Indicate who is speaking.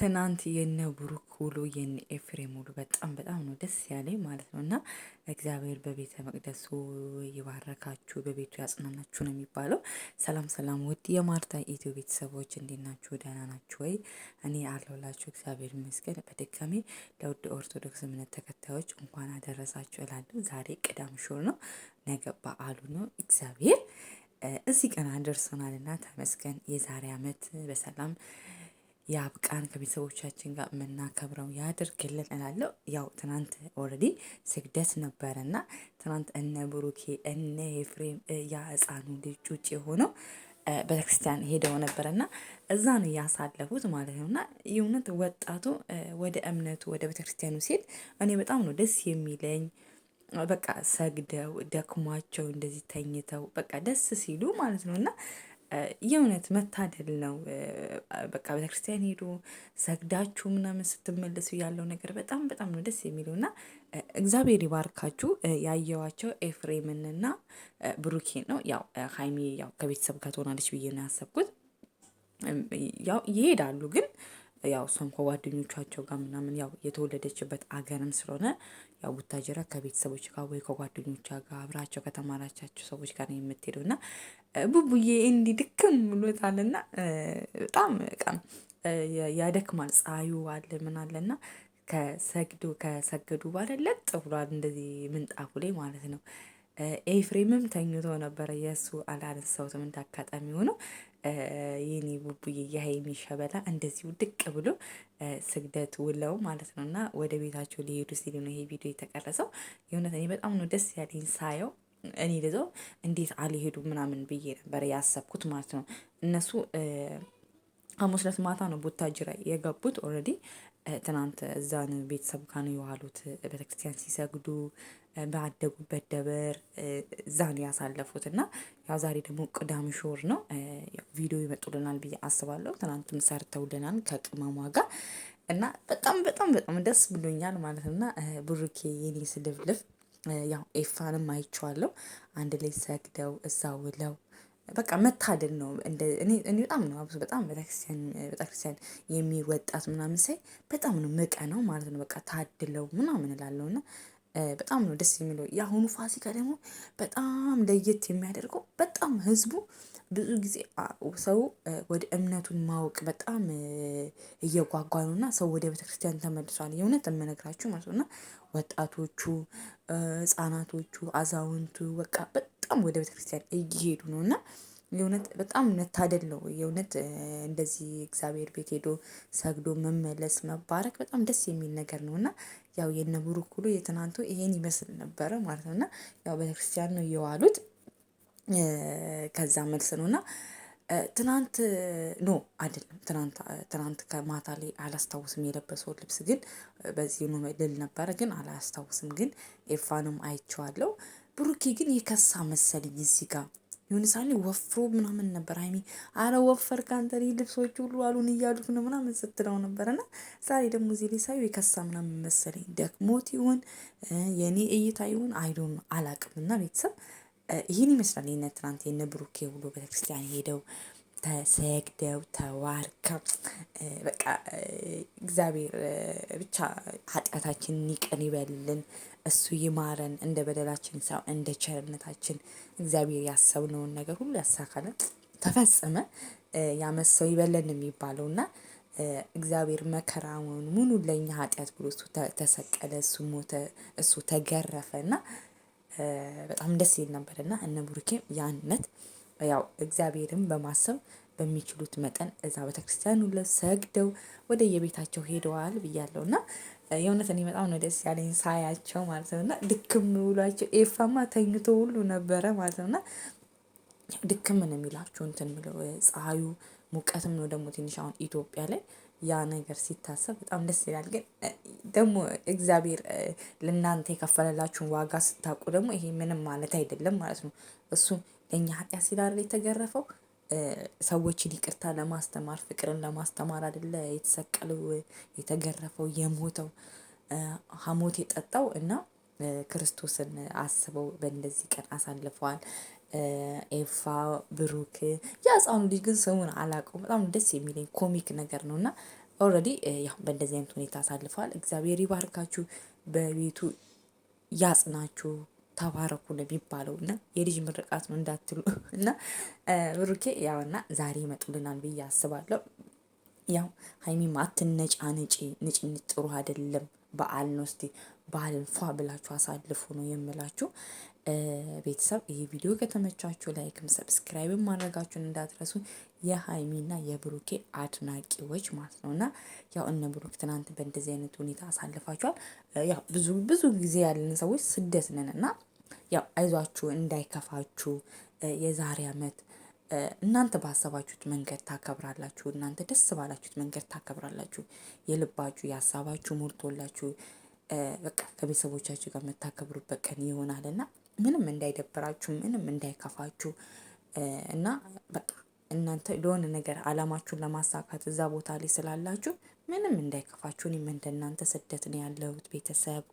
Speaker 1: ትናንት የነ ብሩክ ውሎ የነ ኤፍሬም ውሎ በጣም በጣም ነው ደስ ያለኝ ማለት ነው። እና እግዚአብሔር በቤተ መቅደሱ ይባረካችሁ፣ በቤቱ ያጽናናችሁ ነው የሚባለው። ሰላም ሰላም፣ ውድ የማርታ ኢትዮ ቤተሰቦች እንዴት ናችሁ? ደህና ናችሁ ወይ? እኔ አለሁላችሁ፣ እግዚአብሔር ይመስገን። በድጋሚ ለውድ ኦርቶዶክስ እምነት ተከታዮች እንኳን አደረሳችሁ እላለሁ። ዛሬ ቅዳም ሹር ነው፣ ነገ በዓሉ ነው። እግዚአብሔር እዚህ ቀን አደርሶናል እና ተመስገን። የዛሬ አመት በሰላም ያብቃን፣ ከቤተሰቦቻችን ጋር የምናከብረው ያድርግልን እላለሁ። ያው ትናንት ኦልሬዲ ስግደት ነበረ እና ትናንት እነ ብሩኬ እነ ኤፍሬም ያ ህፃኑ ልጅ ጩጭ የሆነው ቤተክርስቲያን ሄደው ነበረና እዛ ነው እያሳለፉት ማለት ነው። እና የእውነት ወጣቱ ወደ እምነቱ ወደ ቤተክርስቲያኑ ሲሄድ እኔ በጣም ነው ደስ የሚለኝ። በቃ ሰግደው ደክሟቸው እንደዚህ ተኝተው በቃ ደስ ሲሉ ማለት ነው እና የእውነት መታደል ነው። በቃ ቤተክርስቲያን ሄዱ ሰግዳችሁ ምናምን ስትመለሱ ያለው ነገር በጣም በጣም ነው ደስ የሚለው እና እግዚአብሔር ይባርካችሁ። ያየዋቸው ኤፍሬምንና ብሩኬን ነው። ያው ሀይሚ ያው ከቤተሰብ ጋር ትሆናለች ብዬ ነው ያሰብኩት። ያው ይሄዳሉ ግን ያው እሷም ከጓደኞቻቸው ጋር ምናምን ያው የተወለደችበት አገርም ስለሆነ ያው ቡታጀራ ከቤተሰቦች ጋር ወይ ከጓደኞቿ ጋር አብራቸው ከተማራቻቸው ሰዎች ጋር ነው የምትሄደው እና ቡቡዬ እንዲህ ድክም ብሎታልና በጣም ቀም ያደክማል። ፀሐዩ አለ ምን አለ አለና ከሰግዱ ከሰገዱ ባለ ለጥ ብሏል እንደዚህ ምንጣፉ ላይ ማለት ነው። ኤፍሬምም ተኝቶ ነበረ። የእሱ አላነሳሁትም እንዳጋጣሚ ሆነው የኔ ቡቡዬ የሀይሚ ሸበላ እንደዚሁ ድቅ ብሎ ስግደት ውለው ማለት ነው እና ወደ ቤታቸው ሊሄዱ ሲሉ ነው ይሄ ቪዲዮ የተቀረጸው። የእውነት እኔ በጣም ነው ደስ ያለኝ ሳየው። እኔ ልዘው እንዴት አልሄዱ ምናምን ብዬ ነበረ ያሰብኩት ማለት ነው እነሱ ሐሙስ ዕለት ማታ ነው ቡታጅራ የገቡት ኦልሬዲ ትናንት እዛን ቤተሰብ ጋር ነው የዋሉት። ቤተክርስቲያን ሲሰግዱ ባደጉበት ደበር እዛ ነው ያሳለፉት እና ያው ዛሬ ደግሞ ቅዳሜ ሾር ነው። ቪዲዮ ይመጡልናል ብዬ አስባለሁ። ትናንትም ሰርተውልናል ከቅመሟ ጋር እና በጣም በጣም በጣም ደስ ብሎኛል ማለት እና ብሩኬ የኔ ስልፍልፍ ያው ኤፋንም አይቼዋለሁ አንድ ላይ ሰግደው እዛ ውለው በቃ መታደል ነው። እኔ በጣም ነው አብሶ በጣም ቤተክርስቲያን ቤተክርስቲያን ወጣት ምናምን ሳይ በጣም ነው ነው ማለት ነው። በቃ ታድለው ምናምን እላለሁ እና በጣም ነው ደስ የሚለው። የአሁኑ ፋሲካ ደግሞ በጣም ለየት የሚያደርገው በጣም ህዝቡ ብዙ ጊዜ ሰው ወደ እምነቱን ማወቅ በጣም እየጓጓ ነው እና ሰው ወደ ቤተክርስቲያን ተመልሷል። የእውነት የምነግራችሁ ማለት ነው እና ወጣቶቹ፣ ህጻናቶቹ አዛውንቱ በቃ በጣም ወደ ቤተክርስቲያን እየሄዱ ነው እና የእውነት በጣም መታደል ነው። የእውነት እንደዚህ እግዚአብሔር ቤት ሄዶ ሰግዶ መመለስ መባረክ በጣም ደስ የሚል ነገር ነው እና ያው የነ ብሩክ ሁሉ የትናንቱ ይሄን ይመስል ነበረ ማለት ነው እና ያው ቤተክርስቲያን ነው የዋሉት። ከዛ መልስ ነው እና ትናንት ኖ አይደለም ትናንት ትናንት ከማታ ላይ አላስታውስም። የለበሰው ልብስ ግን በዚህ ልል ነበረ ግን አላስታውስም። ግን ኤፋንም አይቼዋለሁ ብሩኬ ግን የከሳ መሰልኝ እዚህ ጋር የሆነ ሳሌ ወፍሮ ምናምን ነበር። ሀይሚ አረ ወፈር ከአንተ ልብሶች ሁሉ አሉን እያሉት ነው ምናምን ስትለው ነበር። እና ዛሬ ደግሞ እዚህ ላይ ሳዩ የከሳ ምናምን መሰለኝ። ደክሞት ይሁን የእኔ እይታ ይሁን አይዶን አላቅም። እና ቤተሰብ ይህን ይመስላል የነ ትናንት የነ ብሩኬ ሁሉ ቤተክርስቲያን ሄደው ተሰግደው ተዋርከው በቃ እግዚአብሔር ብቻ ኃጢአታችን ይቅር ይበልን፣ እሱ ይማረን፣ እንደ በደላችን ሰው እንደ ቸርነታችን እግዚአብሔር ያሰብነውን ነገር ሁሉ ያሳካልን። ተፈጸመ ያመሰው ይበለን የሚባለው እና እግዚአብሔር መከራውን ሙሉ ለእኛ ኃጢአት ብሎ እሱ ተሰቀለ፣ እሱ ሞተ፣ እሱ ተገረፈ እና በጣም ደስ ይል ነበር እና እነ ቡሩኬም ያንነት ያው እግዚአብሔርን በማሰብ በሚችሉት መጠን እዛ ቤተክርስቲያን ሁለ ሰግደው ወደ የቤታቸው ሄደዋል ብያለሁ እና የእውነት እኔ በጣም ነው ደስ ያለኝ ሳያቸው ማለት ነው እና ድክም ውሏቸው ኤፋማ ተኝቶ ሁሉ ነበረ ማለት ነው እና ድክም ነው የሚላችሁ እንትን ብለው ፀሐዩ ሙቀትም ነው ደግሞ ትንሽ አሁን ኢትዮጵያ ላይ ያ ነገር ሲታሰብ በጣም ደስ ይላል። ግን ደግሞ እግዚአብሔር ለእናንተ የከፈለላችሁን ዋጋ ስታውቁ ደግሞ ይሄ ምንም ማለት አይደለም ማለት ነው እሱ ለእኛ ኃጢአት ሲል አይደል የተገረፈው። ሰዎችን ይቅርታ ለማስተማር ፍቅርን ለማስተማር አይደለ የተሰቀለው የተገረፈው የሞተው ሀሞት የጠጣው እና ክርስቶስን አስበው በእንደዚህ ቀን አሳልፈዋል። ኤፋ ብሩክ የህፃኑ ልጅ ግን ስሙን አላውቀውም። በጣም ደስ የሚለኝ ኮሚክ ነገር ነው እና ኦልሬዲ ያው በእንደዚህ አይነት ሁኔታ አሳልፈዋል። እግዚአብሔር ይባርካችሁ፣ በቤቱ ያጽናችሁ። ተባረኩ ነው የሚባለው እና የልጅ ምርቃት ነው እንዳትሉ እና ብሩኬ ያው ያውና ዛሬ ይመጡልናል ብዬ አስባለሁ። ያው ሀይሚም አትነጫ ነጪ ንጭንጭ ጥሩ አይደለም። በዓል ነው። እስቲ ባልፏ ብላችሁ አሳልፉ ነው የምላችሁ። ቤተሰብ ይህ ቪዲዮ ከተመቻችሁ ላይክም ሰብስክራይብም ማድረጋችሁን እንዳትረሱ። የሀይሚና የብሩኬ አድናቂዎች ማለት ነው እና ያው እነ ብሩክ ትናንት በእንደዚህ አይነት ሁኔታ አሳልፋችኋል። ያው ብዙ ብዙ ጊዜ ያለን ሰዎች ስደት ነን እና ያው አይዟችሁ እንዳይከፋችሁ የዛሬ ዓመት እናንተ ባሰባችሁት መንገድ ታከብራላችሁ። እናንተ ደስ ባላችሁት መንገድ ታከብራላችሁ። የልባችሁ የሀሳባችሁ ሞልቶላችሁ በቃ ከቤተሰቦቻችሁ ጋር የምታከብሩበት ቀን ይሆናል እና ምንም እንዳይደብራችሁ፣ ምንም እንዳይከፋችሁ እና በቃ እናንተ ለሆነ ነገር አላማችሁን ለማሳካት እዛ ቦታ ላይ ስላላችሁ ምንም እንዳይከፋችሁ። እኔም እናንተ ስደት ነው ያለሁት ቤተሰብ